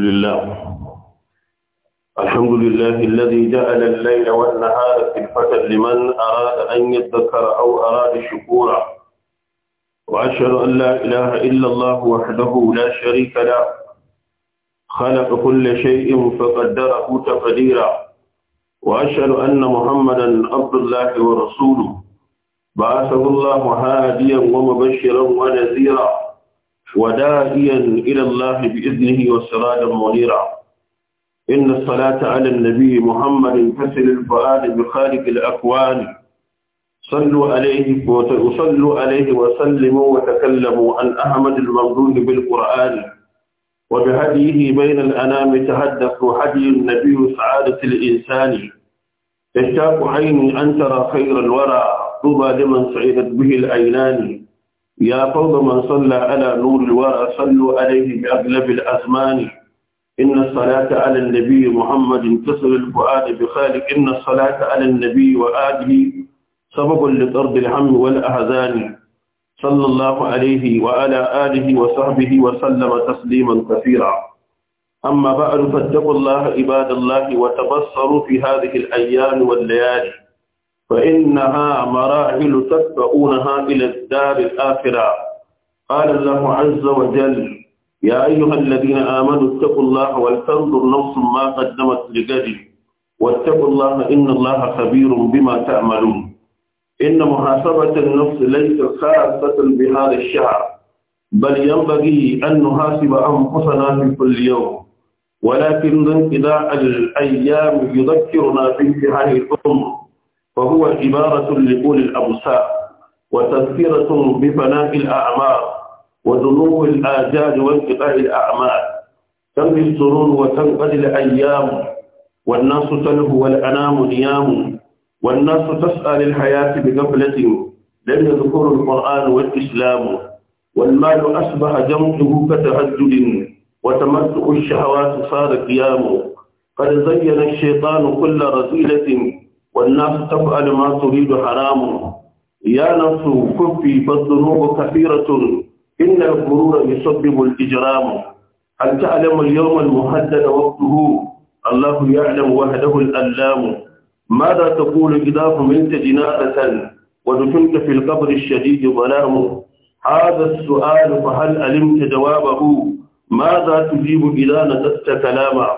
لله الحمد لله الذي جعل الليل والنهار خلفة لمن أراد أن يذكر أو أراد الشكورا وأشهد أن لا إله إلا الله وحده لا شريك له خلق كل شيء فقدره تقديرا وأشهد أن محمدا عبد الله ورسوله بعثه الله هاديا ومبشرا ونذيرا وداعيا إلى الله بإذنه وسراجا منيرا إن الصلاة على النبي محمد كسر الفؤاد بخالق الأكوان صلوا عليه وصلوا عليه وسلموا وتكلموا عن أحمد الممدود بالقرآن وبهديه بين الأنام تهدف هدي النبي سعادة الإنسان اشتاق عيني أن ترى خير الورى طوبى لمن سعدت به العينان يا قوم من صلى على نور الورى صلوا عليه بأغلب الأزمان إن الصلاة على النبي محمد تصل الفؤاد بخالق إن الصلاة على النبي وآله سبب لطرد الهم والأهذان صلى الله عليه وعلى آله وصحبه وسلم تسليما كثيرا أما بعد فاتقوا الله عباد الله وتبصروا في هذه الأيام والليالي فإنها مراحل تتبعونها إلى الدار الآخرة قال الله عز وجل يا أيها الذين آمنوا اتقوا الله ولتنظر نفس ما قدمت لغد واتقوا الله إن الله خبير بما تعملون إن محاسبة النفس ليست خاصة بهذا الشهر بل ينبغي أن نحاسب أنفسنا في كل يوم ولكن انقضاء الأيام يذكرنا بانتهاء الأمر فهو عبارة لقول الأبصار وتذكرة بفناء الأعمار ودنو الآجال وانقطاع الأعمال تمضي السرور وتنقل الأيام والناس تلهو والأنام نيام والناس تسأل الحياة بغفلة لم يذكر القرآن والإسلام والمال أصبح جمعه كتهجد وتمتع الشهوات صار قيام قد زين الشيطان كل رذيلة والناس تفعل ما تريد حرام يا نفس كفي فالذنوب كثيرة إن الغرور يسبب الإجرام هل تعلم اليوم المهدد وقته الله يعلم وحده الألام ماذا تقول إذا منت جنازة ودفنت في القبر الشديد ظلام هذا السؤال فهل علمت جوابه ماذا تجيب إذا نتست كلاما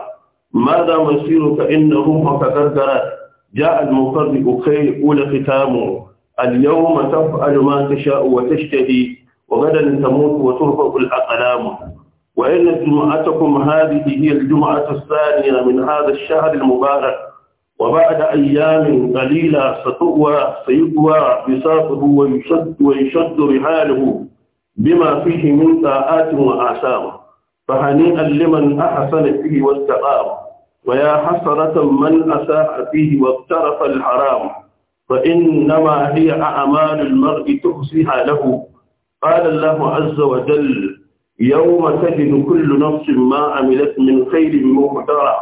ماذا مصيرك إنهم فكركرت جاء المطر أخي أولى ختامه اليوم تفعل ما تشاء وتشتهي وغدا تموت وترفع الأقلام وإن جمعتكم هذه هي الجمعة الثانية من هذا الشهر المبارك وبعد أيام قليلة ستقوى سيقوى بساطه ويشد ويشد رحاله بما فيه من طاعات وآثام فهنيئا لمن أحسن فيه واستقام ويا حسرة من أساء فيه واقترف الحرام فإنما هي أعمال المرء تخزيها له قال الله عز وجل يوم تجد كل نفس ما عملت من خير مقدرة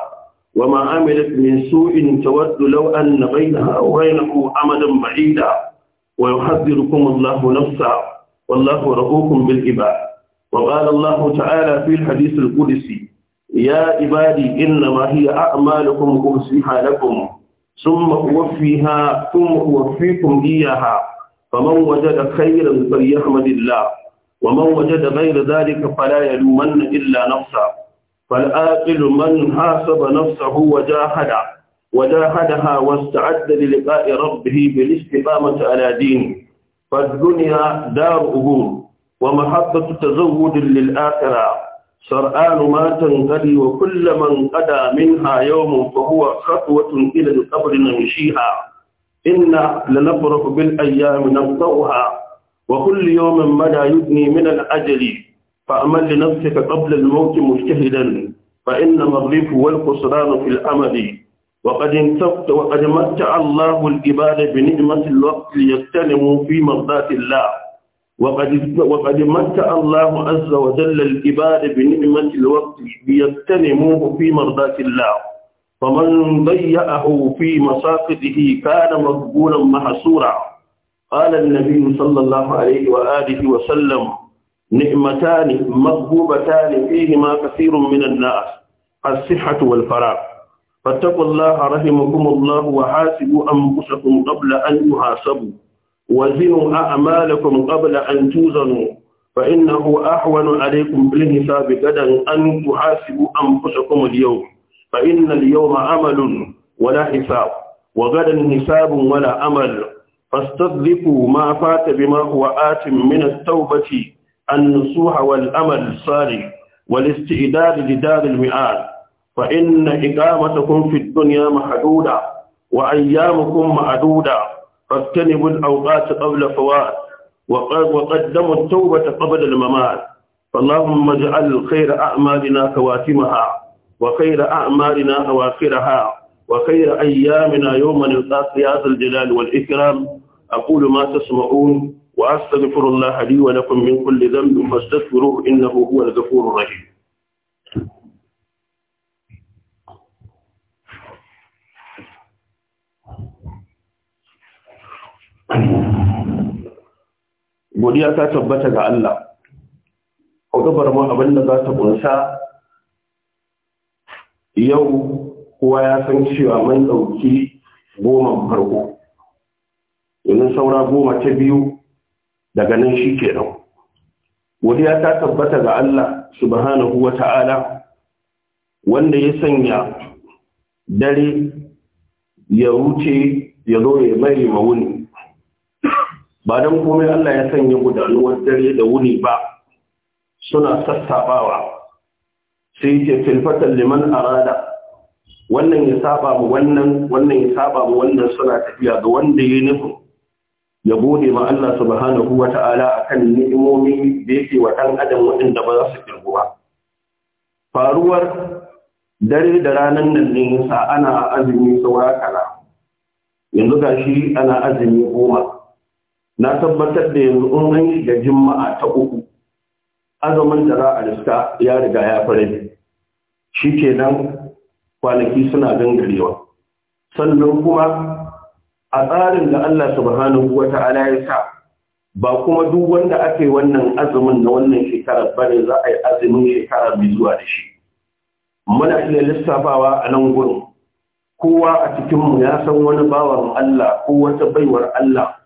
وما عملت من سوء تود لو أن بينها وبينه أمدا بعيدا ويحذركم الله نفسا والله رؤوف بالعباد وقال الله تعالى في الحديث القدسي ya ibadi inna ma hiya a'malukum usiha lakum summa uwaffiha kum uwaffikum iyaha faman wajada khayran falyahmadillah waman wajada ghayra dhalika fala yaluman illa nafsa fal aqilu man hasaba nafsahu wajahada wajahadaha wasta'adda li liqa'i rabbih bil istiqamati ala din fad dunya daru ugur wa mahabbatu tazawwudin lil akhirah سرآن ما تنقلي وكل من قدى منها يوم فهو خطوة إلى القبر نمشيها إنا لنفرح بالأيام نبطأها وكل يوم مدى يبني من الأجل فأمل لنفسك قبل الموت مجتهدا فإنما الريف والخسران في الأمل وقد انتفت وقد متع الله العباد بنعمة الوقت ليغتنموا في مرضات الله وقد وقد متع الله عز وجل الكبار بنعمة الوقت ليغتنموه في مرضاة الله فمن ضيعه في مساقطه كان مقبولا محصورا قال النبي صلى الله عليه وآله وسلم نعمتان مغبوبتان فيهما كثير من الناس الصحة والفراغ فاتقوا الله رحمكم الله وحاسبوا أنفسكم قبل أن يحاسبوا وزنوا أعمالكم قبل أن توزنوا فإنه أحوان عليكم بالحساب غدا أن تحاسبوا أنفسكم اليوم فإن اليوم عمل ولا حساب وغدا حساب ولا عمل فاستذفوا ما فات بما هو آت من التوبة النصوح والأمل الصالح والاستئداد لدار المعاد فإن إقامتكم في الدنيا محدودة وأيامكم معدودة فاغتنموا الأوقات قبل فوات وقدموا التوبة قبل الممات فاللهم اجعل خير أعمالنا خواتمها وخير أعمالنا أواخرها وخير أيامنا يوم نلقاك يا ذا الجلال والإكرام أقول ما تسمعون وأستغفر الله لي ولكم من كل ذنب فاستغفروه إنه هو الغفور الرحيم godiya ta tabbata ga Allah hudubar mu abinda za ta kunsa yau kowa ya san cewa mun ɗauki goma farko domin saura goma ta biyu daga nan shi ke nan godiya ta tabbata ga Allah subhanahu wa ta'ala wanda ya sanya dare ya wuce ya zo ya mai mawuni ba don komai Allah ya sanya gudanuwar dare da wuni ba suna sassabawa sai ke filfatar liman arada wannan ya saba mu wannan wannan ya saba mu wannan suna tafiya ga wanda ya nufi ya gode ma Allah subhanahu wa ta'ala akan ni'imomi da yake wa ɗan adam waɗanda ba za su kirgu ba faruwar dare da ranar nan ne ana azumi saura kala yanzu gashi ana azumi goma na tabbatar da yanzu in an yi da juma'a ta uku azumin da za a riska ya riga ya fara shi ke nan, kwanaki suna gangarewa sannan kuma a tsarin da Allah subhanahu wa ta'ala ya sa ba kuma duk wanda aka yi wannan azumin na wannan shekarar bane za a yi azumin shekarar mai zuwa da shi muna iya lissafawa a nan gurin kowa a cikinmu ya san wani bawan Allah ko wata baiwar Allah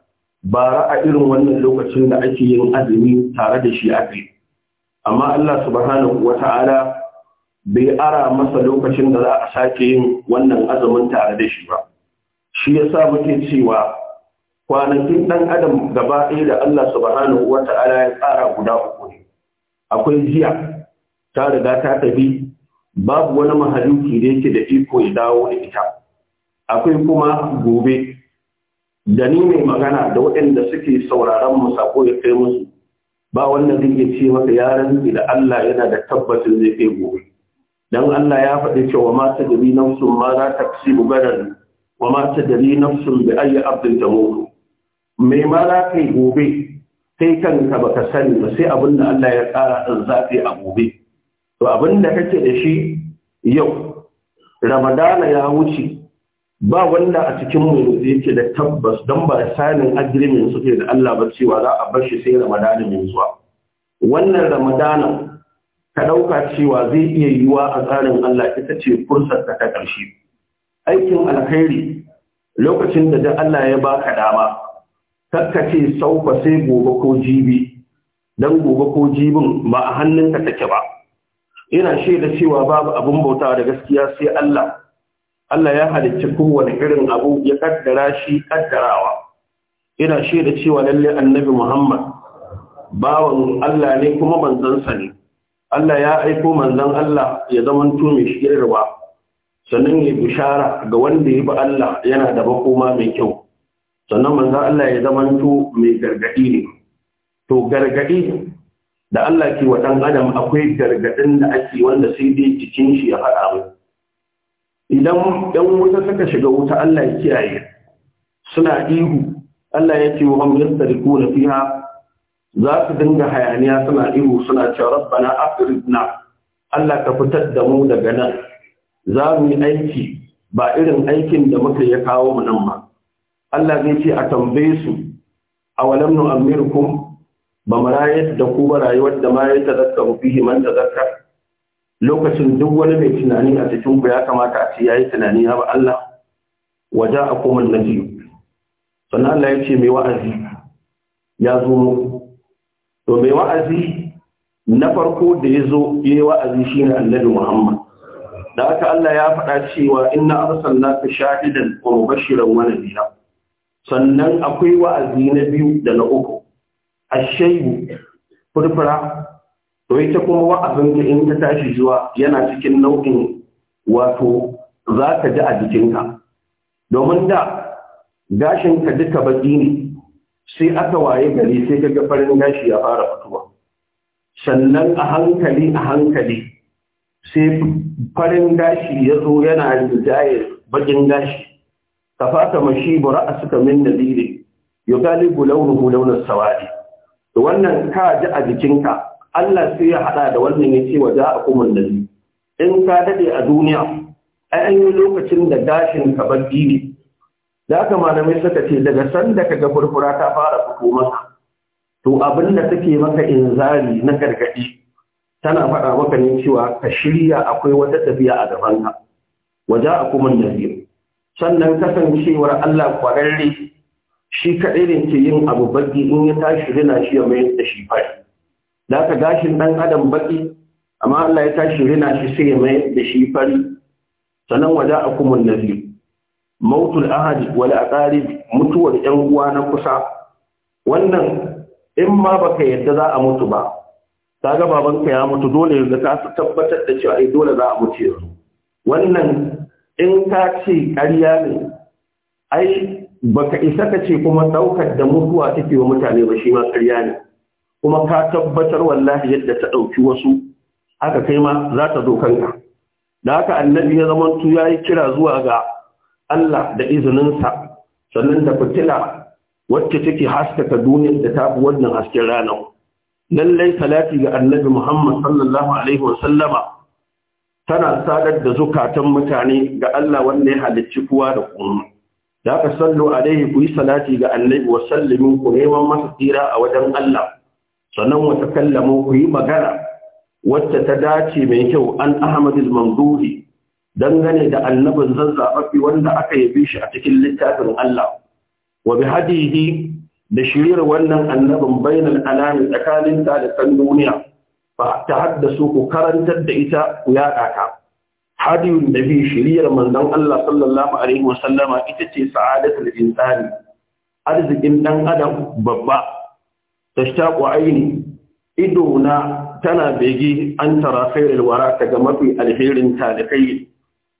bara a irin wannan lokacin da ake yin azumi tare da shi akai amma Allah subhanahu wata'ala bai ara masa lokacin da za a sake yin wannan azumin tare da shi ba shi yasa muke cewa kwanakin ɗan adam gaba ɗaya da Allah subhanahu wata'ala ya tsara guda uku ne akwai jiya ta riga ta tafi babu wani mahaluki da yake da iko ya dawo da ita akwai kuma gobe da ni mai magana da waɗanda suke sauraron mu sako ya kai musu ba wanda zai iya ce maka yaran da Allah yana da tabbacin zai kai gobe dan Allah ya faɗi cewa ma ta dari nafsun ma za ta kasi bugaran wa ma ta dari nafsun bi ayi abdin ta mutu mai ma za ka yi gobe kai kanka baka sani ba sai abin da Allah ya za ta yi a gobe to abin da kake da shi yau ramadana ya wuce ba wanda a cikin mu yake da tabbas don ba sanin agreement suke da Allah ba cewa za a bar shi sai Ramadanin mai zuwa wannan Ramadanin ka dauka cewa zai iya yiwa a tsarin Allah ita ce fursar ta ta ƙarshe aikin alkhairi lokacin da dan Allah ya baka dama ce saufa sai gobe ko jibi dan gobe ko jibin ba a hannunka take ba ina shaida cewa babu abun bauta da gaskiya sai Allah Allah ya halicci kowane irin abu ya kaddara shi kaddarawa ina shaida cewa lalle annabi Muhammad bawan Allah ne kuma manzansa ne Allah ya aiko manzon Allah ya zaman to mai shirwa sannan ya bishara ga wanda ya bi Allah yana da makoma mai kyau sannan manzon Allah ya zaman mai gargadi ne to gargadi da Allah ke wa dan adam akwai gargadin da ake wanda sai dai cikin shi ya faɗa mai idan ɗan wuta suka shiga wuta Allah ya kiyaye suna ihu Allah ya ce wa hum na fiha za su dinga hayaniya suna ihu suna cewa rabbana afridna Allah ka fitar da mu daga nan za mu yi aiki ba irin aikin da muka ya kawo mu nan ba Allah zai ce a tambaye su awalam nu amirkum ba marayat da ku ba rayuwar da ma ya tadakkaru fihi man tadakkara lokacin duk wani mai tunani a cikin ku ya kamata a ce ya yi tunani ya ba Allah waja na biyu sannan Allah ya ce mai wa'azi ya zo mu to mai wa'azi na farko da ya zo ya yi wa'azi shi shine Annabi Muhammad da aka Allah ya faɗa cewa na arsalnaka shahidan wa mubashiran wa nadira sannan akwai wa'azi na biyu da na uku ashaybu furfura to ita kuma wa'azin in ta tashi zuwa yana cikin nau'in wato za ka ji a jikinka domin da gashin ka duka baki ne sai aka waye gari sai ka ga farin gashi ya fara fitowa sannan a hankali a hankali sai farin gashi ya zo yana rinjaye bakin gashi ka fata mashi a suka min dalili yugalibu launin launar sawadi wannan ka ji a jikinka Allah sai ya haɗa da wannan ya ce waje a kuma nabi in ka daɗe a duniya ai yi lokacin da gashin ka babbi ne da haka malamai suka ce daga sanda ka ga furfura ta fara fito maka to abin da take maka inzari na gargaɗi tana faɗa maka ne cewa ka shirya akwai wata tafiya a gabanka waje a kuma nazir sannan kasancewar Allah kwararre shi kaɗai ne ke yin abu baki in ya tashi rina shi ya mayar da shi fari da ka gashin ɗan adam baki amma Allah ya tashi rina shi sai ya mai da shi fari sanan waje a kuma nazi mautul ahad wal aqarib mutuwar yan uwa na kusa wannan in ma baka yadda za a mutu ba kaga babanka ya mutu dole yanzu ka tabbatar da cewa ai dole za a mutu wannan in ka ce ƙarya ne ai baka isa kace kuma ɗaukar da mutuwa take wa mutane ba shi ma ƙarya ne kuma ka tabbatar wallahi yadda ta ɗauki wasu aka kai ma za ta zo kanka da haka annabi ya zama tu ya yi kira zuwa ga Allah da izininsa sannan da fitila wacce take haskaka duniyar da ta fi wannan hasken rana. lallai salati ga annabi Muhammad sallallahu alaihi wasallama tana sadar da zukatan mutane ga Allah wanda ya halicci kowa da kuma da aka sallu alaihi ku yi salati ga annabi wa sallimin ku neman masa tsira a wajen Allah sannan wata kallamu ku yi magana wacce ta dace mai kyau an ahmadul mamduhi dangane da annabin zazzafafi wanda aka yabe shi a cikin littafin Allah wa bi hadihi da shirir wannan annabin bainal alami tsakanin ta da san duniya fa ta haddasu ku karantar da ita ku yaɗa ka hadiyun da bi shiriyar manzon Allah sallallahu alaihi wasallama ita ce sa'adatul insani arzikin dan adam babba tashtaqu aini ido na tana bege an tara khairul wara daga mafi alherin talikai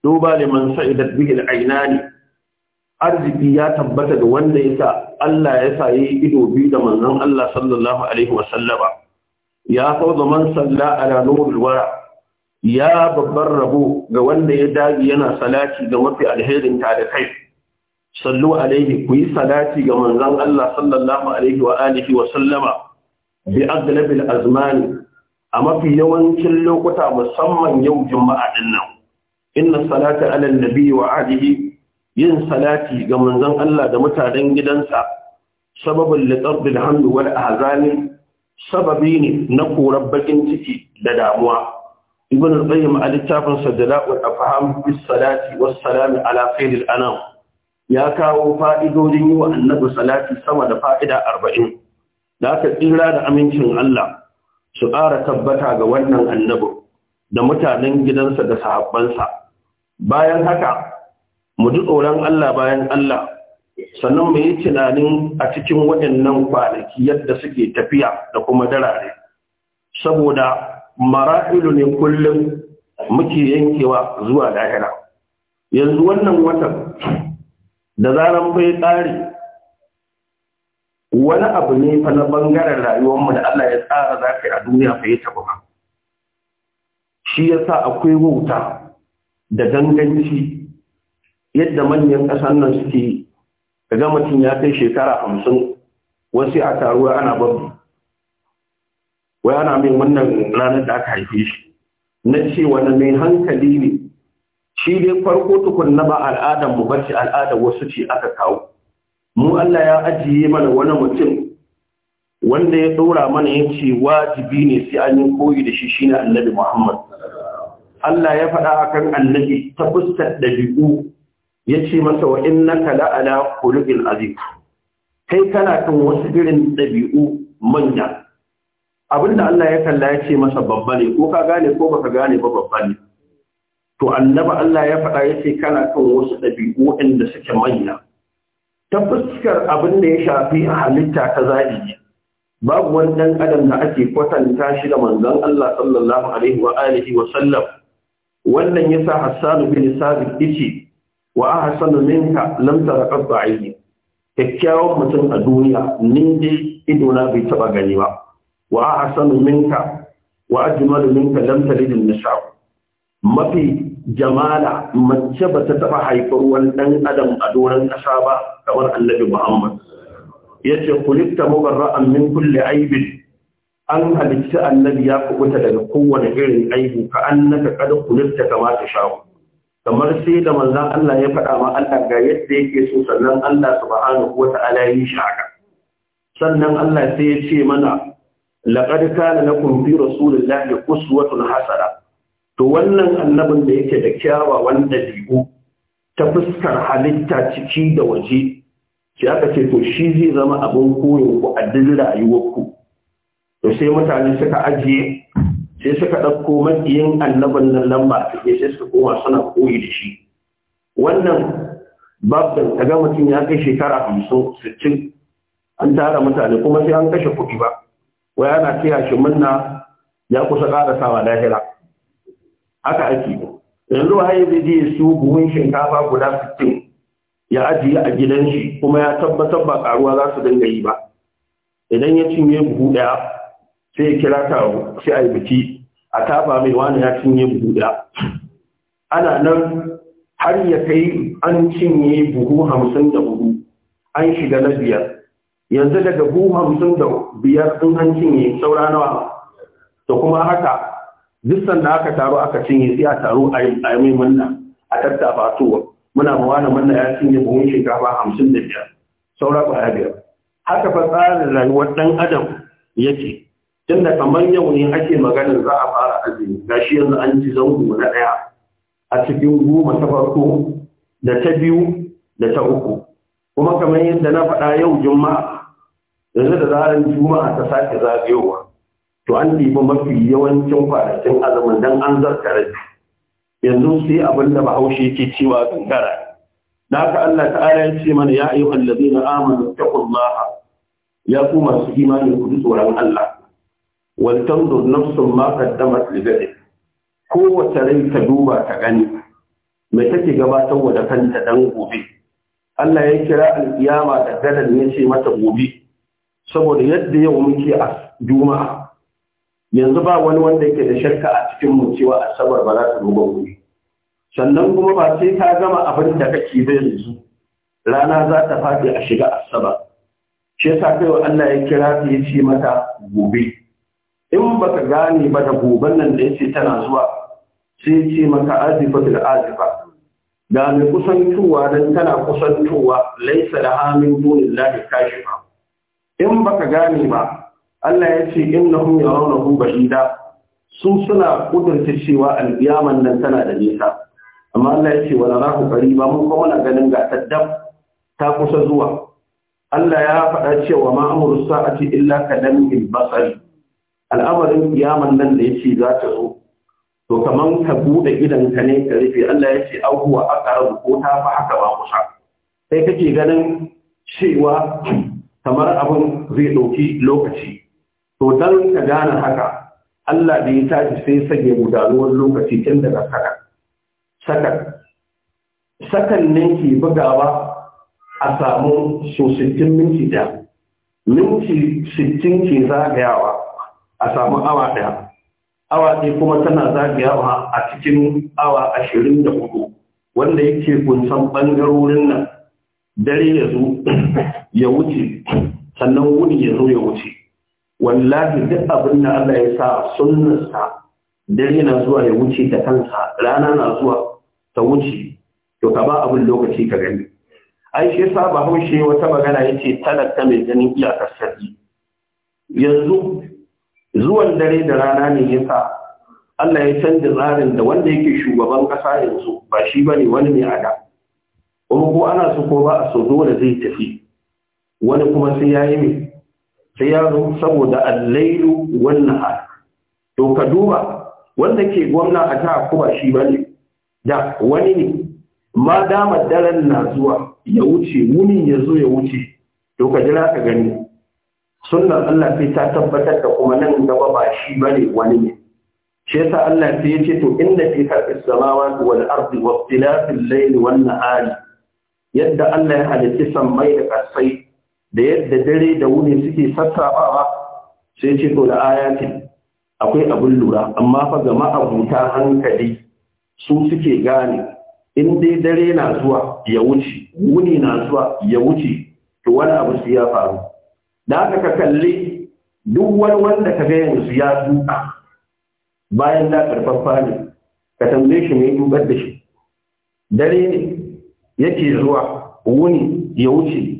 duba liman sa'idat bihi al-ainani arziki ya tabbata da wanda yasa Allah ya sayi yi ido biyu da manzon Allah sallallahu alaihi wa ya fawza man salla ala nurul wara ya babbar rabo ga wanda ya dagi yana salati ga mafi alherin kai. sallu alaihi ku yi salati ga manzon Allah sallallahu alaihi wa alihi wa sallama bi aglabil azmani a mafi yawancin lokuta musamman yau juma'a din nan inna salata ala nabi wa alihi yin salati ga manzon Allah da mutanen gidansa sababin liqabbil hamd wal ahzani sababi ne na korar bakin ciki da damuwa ibn al-qayyim a littafin sadala'u al-afham bis salati was salam ala khairil anam ya kawo fa'idodin yi wa annabi salati sama da fa'ida arba'in da aka tsira da amincin Allah su ƙara tabbata ga wannan annabin da mutanen gidansa da sahabbansa bayan haka mu ji tsoron Allah bayan Allah sannan mu yi tunanin a cikin waɗannan kwanaki yadda suke tafiya da kuma darare saboda mara'ilu ne kullum muke yankewa zuwa lahira yanzu wannan watan da zaran bai tsari wani abu ne fa na bangaren rayuwarmu da Allah ya tsara za ka yi a duniya fa ya taɓa shi ya sa akwai wauta da ganganci yadda manyan ƙasar nan suke ga mutum ya kai shekara hamsin wasu a taruwa ana babu wai ana min wannan ranar da aka haife shi na ce wani mai hankali ne shi dai farko tukun na ba al'adar mu bace al'adar wasu ce aka kawo mu Allah ya ajiye mana wani mutum wanda ya ɗora mana yace wajibi ne sai an yi koyi da shi shine annabi Muhammad Allah ya faɗa akan annabi ta fuskar ɗabi'u ya ce masa wa innaka ala khuluqil azim kai kana kan wasu irin dabi'u manya abinda Allah ya kalla ya ce masa babba ne ko ka gane ko baka gane ba babba ne to annaba Allah ya faɗa ya ce kana kan wasu ɗabi'u inda suke manya ta fuskar abin da ya shafi a halitta ta zahiri babu wani ɗan adam da ake kwatanta shi da manzon Allah sallallahu alaihi wa alihi wa sallam wannan yasa Hassan bin Sabit ice wa ahsanu minka lam tara qad aini kyakkyawan mutum a duniya nin dai idona bai taɓa gani ba wa ahsanu minka wa ajmalu minka lam talid an-nisa mafi jamala mace ba ta taɓa haifar ruwan ɗan adam a doron kasa ba kamar annabi muhammad ya ce kulifta mubarra'an min kulle aibin an halitta annabi ya kubuta daga kowane irin aibu ka annaka kada kulifta kama ta shawo kamar sai da manzan Allah ya faɗa ma Allah ga yadda yake so sannan Allah subhanahu wa ta'ala yi shi sannan Allah sai ya ce mana laqad kana lakum fi rasulillahi uswatun hasana to wannan annabin da yake da kyawawan ɗabi'u ta fuskar halitta ciki da waje shi aka ce to shi zai zama abin koyon ku a duk rayuwarku to sai mutane suka ajiye sai suka ɗauko maƙiyin annabin nan lamba ta ke sai suka koma suna koyi da shi wannan babban daga mutum ya kai shekara hamsin sittin an tara mutane kuma sai an kashe kuɗi ba wai ana tiya shi munna ya kusa ƙara sawa lahira haka ake yanzu waye zai je su buhun shinkafa guda 15 ya ajiye a gidan shi kuma ya tabbatar ba karuwa za su dinga yi ba idan ya cinye buhu daya sai ya kira taro sai a yi biki a tafa mai wani ya cinye buhu daya ana nan har ya kai an cinye buhu hamsin da an shiga na biyar yanzu daga buhu hamsin da biyar sun an cinye saura nawa da kuma haka duk sanda aka taru aka cinye sai a taru a yi mai manna a tattafa tuwa. muna mawa wani manna ya cinye buhun shinkafa hamsin da biyar saura kwaya biyar haka fa tsarin rayuwar ɗan adam yake tunda kamar yau ne ake maganar za a fara azumi gashi yanzu an ci zango na ɗaya a cikin goma ta farko da ta biyu da ta uku kuma kamar yadda na faɗa yau juma'a yanzu da zaran juma'a ta sake zagayowa to an ɗiba mafi yawancin kwanakin azumin don an zarta rabi yanzu sai abin da bahaushe yake cewa gangara da haka Allah ta'ala ya ce mana ya ayyuhal ladina amanu taqullaha ya ku masu imani ku ji tsoron Allah wal tanzur nafsun ma qaddamat li ghadin kowace rai ta duba ta gani me take wa da kanta dan gobe Allah ya kira alkiyama da gadan ya ce mata gobe saboda yadda yau muke a juma'a yanzu ba wani wanda yake da shakka a cikin mu cewa asabar ba za ta zo gobe sannan kuma ba sai ka gama abin da kake da yanzu rana za ta fadi a shiga Asaba. shi yasa kai wa Allah ya kira ta ya ce mata gobe in baka gane ba da goben nan da yace tana zuwa sai ce maka azifatul azifa ga mai kusantowa dan tana kusantowa laisa da hamin dunin kashifa in baka gane ba Allah ya ce innahum yarawnahu ba'ida su suna kudurta cewa alƙiyaman nan tana da nisa amma Allah ya ce wala rahu qariba mun kuma muna ganin ga taddab ta kusa zuwa Allah ya faɗa cewa ma amru sa'ati illa kadamil basari al'amarin ƙiyaman nan da yace za ta zo to kaman ka bude idan ka ne ka rufe Allah ya ce au huwa aqrabu ko ta fa haka ba kusa sai kake ganin cewa kamar abin zai ɗauki lokaci to dan ka gane haka Allah da ya tafi sai sage gudanuwar lokaci tun daga saka sakan sakan ne ke bugawa a samu so 60 minti da minti 60 ke zagayawa a samu awa daya awa ɗaya kuma tana zagayawa a cikin awa ashirin da hudu wanda yake kunsan ɓangarorin nan dare ya zo ya wuce sannan wuni ya zo ya wuce wallahi duk abin da Allah ya sa sunnarsa dare na zuwa ya wuce ta kansa rana na zuwa ta wuce to ka ba abin lokaci ka gani ai shi yasa ba haushe wata magana yace talaka mai ganin iyakar sarki yanzu zuwan dare da rana ne yasa Allah ya canza tsarin da wanda yake shugaban ƙasa yanzu ba shi bane wani ne a da kuma ko ana so ko ba a so dole zai tafi wani kuma sai yayi sai ya zo saboda allailu wannan har to ka duba wanda ke gwamna a ta kuma shi bane, da wani ne ma dama daren na zuwa ya wuce muni ya zo ya wuce to ka jira ka gani sunnar Allah sai ta tabbatar da kuma nan gaba ba shi bane wani ne shi yasa Allah sai ya ce to inda fi karɓi samawa wal ardi wa ikhtilafil layli wan nahari yadda Allah ya halitta sammai da kasai da yadda dare da wuni suke sassafawa sai ce to da ayatin akwai abin lura amma fa ga ma'abuta hankali su suke gane in dai dare na zuwa ya wuce wuni na zuwa ya wuce to wani abu su ya faru da aka ka kalli duk wani wanda ka ga yanzu ya duka bayan da karfafa ne ka tambaye shi mai dubar da shi dare ne yake zuwa wuni ya wuce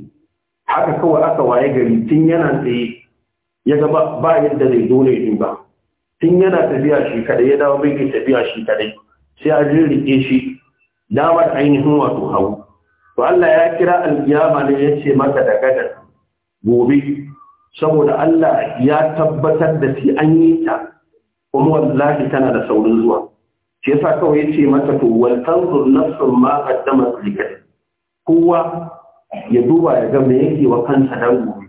haka kawai aka waye gari tun yana tsaye ya ga ba yadda zai zo yi ba tun yana tafiya shi kadai ya dawo bai tafiya shi kadai sai a rike shi damar ainihin wato hau. to Allah ya kira alkiyama ne ya ce maka da gadar gobe saboda Allah ya tabbatar da shi an yi ta kuma wallahi tana da saurin zuwa shi yasa kawai ya ce mata to wal tanzur nafsun ma qaddamat likat kowa ya duba ya ga me yake wa kansa dan gobe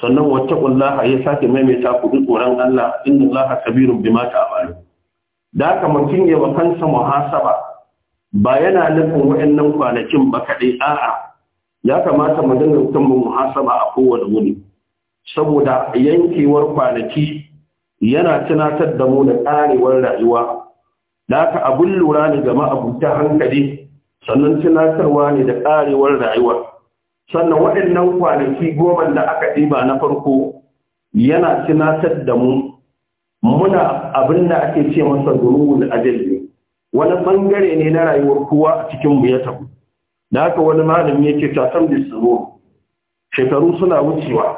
sannan wacce kullaha ya sake maimaita ku duk tsoron Allah inna Allah kabirun bima ta'malu da haka mutum ya wa kansa muhasaba ba yana nufin waɗannan kwanakin ba kaɗai a'a ya kamata mu dinga mutum muhasaba a kowane wuni saboda yankewar kwanaki yana tunatar da mu da karewar rayuwa da haka abun lura ne ga ma'abuta hankali sannan tunatarwa ne da karewar rayuwa sannan waɗannan kwanaki goma da aka ɗiba na farko yana sinatar da mu muna abin da ake ce masa durul ajalli wani bangare ne na rayuwar kowa a cikin mu ya tabu da aka wani ya yake tatan da tsoro shekaru suna wucewa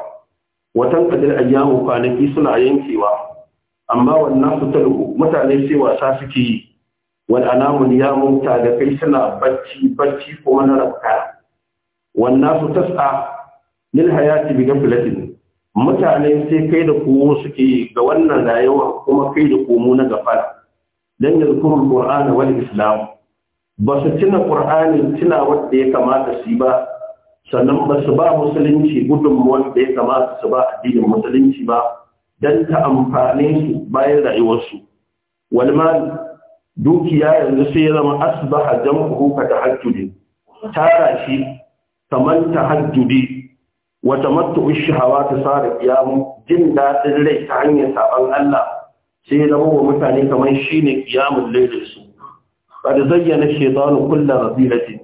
watan kadar ayyamu kwanaki suna yankewa amma wannan fitalu mutane sai wasa suke yi wani anamu ya mota da kai suna barci bacci ko na kaya. والناس تسعى للحياة بغفلة mutane sai kai da komo suke ga wannan rayuwa kuma kai da komo na gafara dan yadkurul qur'ana wal islam ba su tuna qur'ani tuna wanda ya kamata su ba sannan ba su ba musulunci gudunmuwar da ya kamata su ba addinin musulunci ba dan ta amfane su bayan rayuwarsu wal mal dukiya yanzu sai ya zama asbaha jam'uhu ka tahajjudi tara shi kamar tahajjudi wa tamattu shahawati sare qiyam jin daɗin rai ta hanyar saban Allah sai zama wa mutane kamar shine qiyamul layl su kada zayyana shaytanu kullu rabilati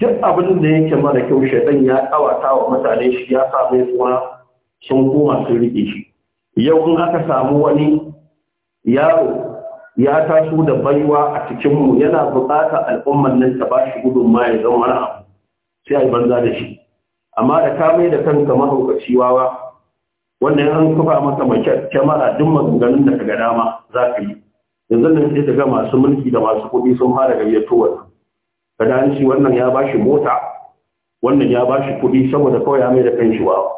duk abin da yake mara kyau shaytan ya kawata wa mutane shi ya sa mai tsora sun koma sun rike shi yau in aka samu wani yaro ya taso da baiwa a cikinmu yana buƙatar al'ummar nan ta ba shi gudunma ya zama wani abu sai a banza da shi amma da ka mai da kanka mahaukaci wawa wannan an kafa maka mace kyamara duk maganganun da ka ga dama za ka yi yanzu nan sai ga masu mulki da masu kuɗi sun fara gayyato wannan ka da shi wannan ya bashi mota wannan ya bashi kuɗi saboda kawai ya mai da kan shi wawa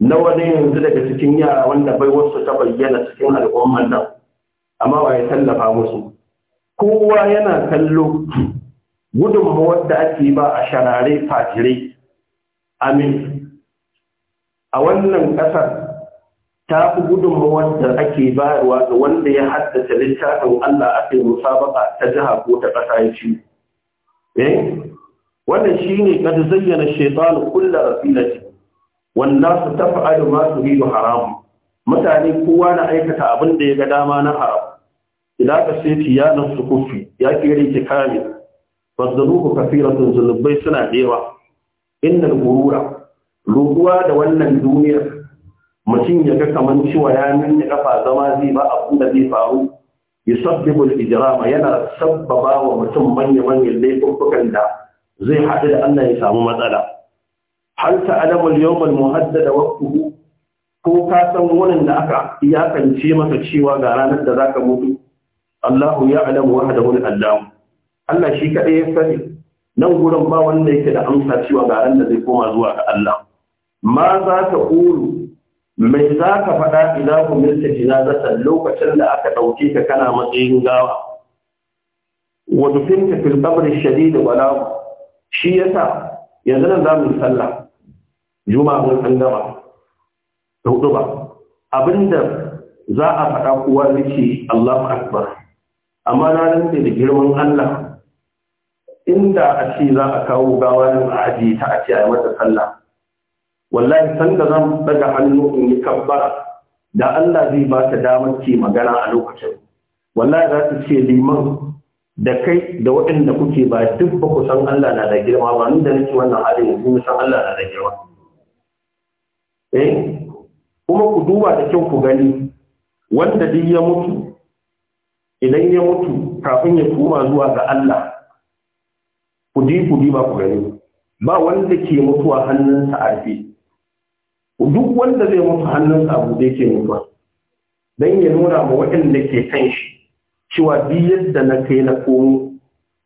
nawa ne yanzu daga cikin yara wanda bai wasu ta bayyana cikin al'ummar nan amma wa ya tallafa musu kowa yana kallo gudunmawar da ake ba a sharare fajirai amin a wannan ƙasar ta fi gudunmawar da ake bayarwa ga wanda ya haddasa littafin Allah aka yi musabaka ta jiha ko ta ƙasa ya ci eh? wannan shi ne kad zayyana shaitan kulla rafilati wanda su tafa'alu ma su hidu haram mutane kowa na aikata abin da ya ga dama na haram idan ka sai tiyanan su kufi ya kere ki kame fadzunubu kafiratun zunubai suna dewa innal gurura rubuwa da wannan duniyar mutum ya ga kaman cewa ya nuna kafa zama zai ba abin da zai faru yusabbibu ijrama yana sabbaba wa mutum manya-manyan laifukan da zai haɗu da Allah ya samu matsala hal ta al-yawm Muhaddada muhaddad waqtuhu ko ka san wannan da aka iyakance maka cewa ga ranar da zaka mutu Allahu ya'lamu wahdahu al-allam Allah shi kaɗai ya sani nan gurin ba wanda yake da amsa cewa ga ran da zai koma zuwa ga Allah ma za ka ƙuru mai za ka faɗa idan ku milta jinazatan lokacin da aka ɗauke ka kana matsayin gawa fin ka fil qabri da wala shi yasa yanzu nan za mu sallah juma'a mun san gaba hudu ba abinda za a faɗa kowa zai Allahu Akbar amma na rantse da girman Allah inda a ce za a kawo gawa a ajiye ta a ce a yi mata sallah wallahi sanda zan daga hannu in yi kabbara da Allah zai ba ta damar ce magana a lokacin wallahi za ta ce liman da kai da waɗanda kuke ba duk ba ku san Allah na da girma ba ni da nake wannan halin yanzu san Allah na da girma eh kuma ku duba da kyau ku gani wanda duk ya mutu idan ya mutu kafin ya koma zuwa ga Allah ku ji ku ba ku gani ba wanda ke mutuwa hannunsa a rufe duk wanda zai mutu hannunsa abu da ke mutuwa don ya nuna ma waɗanda ke kan shi cewa bi yadda na kai na komo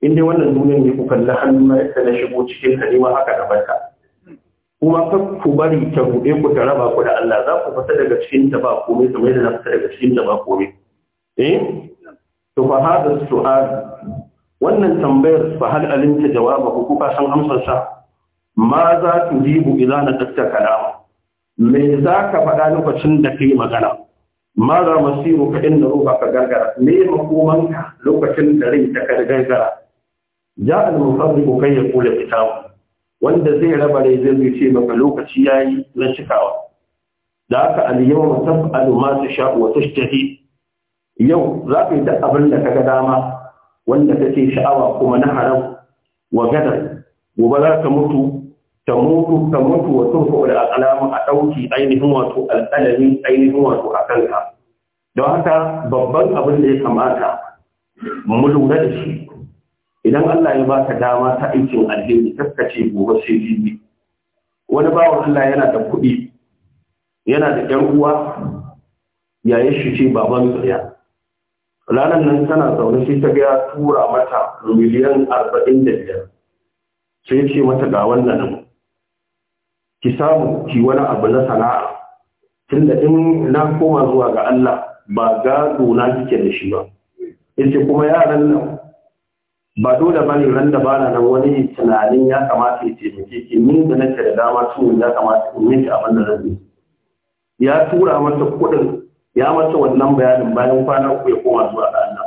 inda wannan duniyar ne ku kalli na yadda na shigo cikin ta ma haka da barka kuma kan ku bari ta buɗe ku ta raba ku da Allah za ku fita daga cikin ta ba komai kamar yadda na fita daga cikin ta ba komai eh to fa hada su'al wannan tambayar fa hal alimta jawaba ko kuka san amsar sa ma za tu jibu idan na tatta kalama me za ka faɗa lokacin da kai magana ma za masiru ka inda ruba ka gargara me makomanka lokacin da rai ta gargara ja al mufarriqu kai ya kula kitabu wanda zai raba rai zai ce maka lokaci yayi na cikawa da haka al yawma taf'alu ma tasha'u wa tashtahi yau za ka yi da abin da ga dama wanda kake sha'awa kuma na haram wa gadar gobe za ka mutu ta mutu ta mutu wa turku da alama a ɗauki ainihin wato al'alami ainihin wato a kanka don haka babban abin da ya kamata mu lura da shi idan Allah ya baka dama ta aikin alheri kaskace gobe sai jibi wani bawan Allah yana da kuɗi yana da ƴan uwa yayin shi ce baban tsaya ranar nan tana zaune sai ta gaya tura mata miliyan arba'in da biyar sai ce mata ga wannan nan. ki samu ki wani abu na sana'a tunda in na koma zuwa ga Allah ba gado na kike da shi ba yace kuma yaran nan ba dole ba ne ran da bana nan wani tunanin ya kamata ya taimake ki ni da nake da dama tunanin ya kamata in miki abin da zan yi ya tura mata kuɗin ya mace wannan bayanin bayan kwana uku ya koma zuwa ga Allah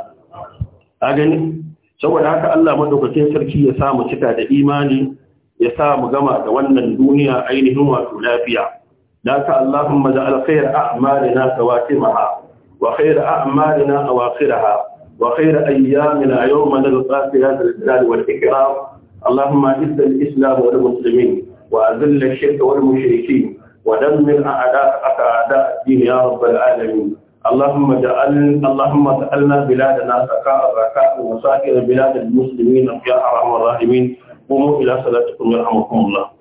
a gani saboda haka Allah madaukakin sarki ya sa mu cika da imani ya sa mu gama da wannan duniya ainihin wato lafiya da ka Allahumma ja'al khayra a'malina sawatimaha wa khayra a'malina awakhiraha wa khayra ayyamina yawma nalqa fiha al-jalali wal ikram اللهم Wa الاسلام والمسلمين واذل الشرك والمشركين ودمر أعداء أعداء الدين يا رب العالمين اللهم اجعل اللهم اجعلنا بلادنا سكاء ركاء وسائر بلاد المسلمين يا ارحم الراحمين قوموا الى صلاتكم يرحمكم الله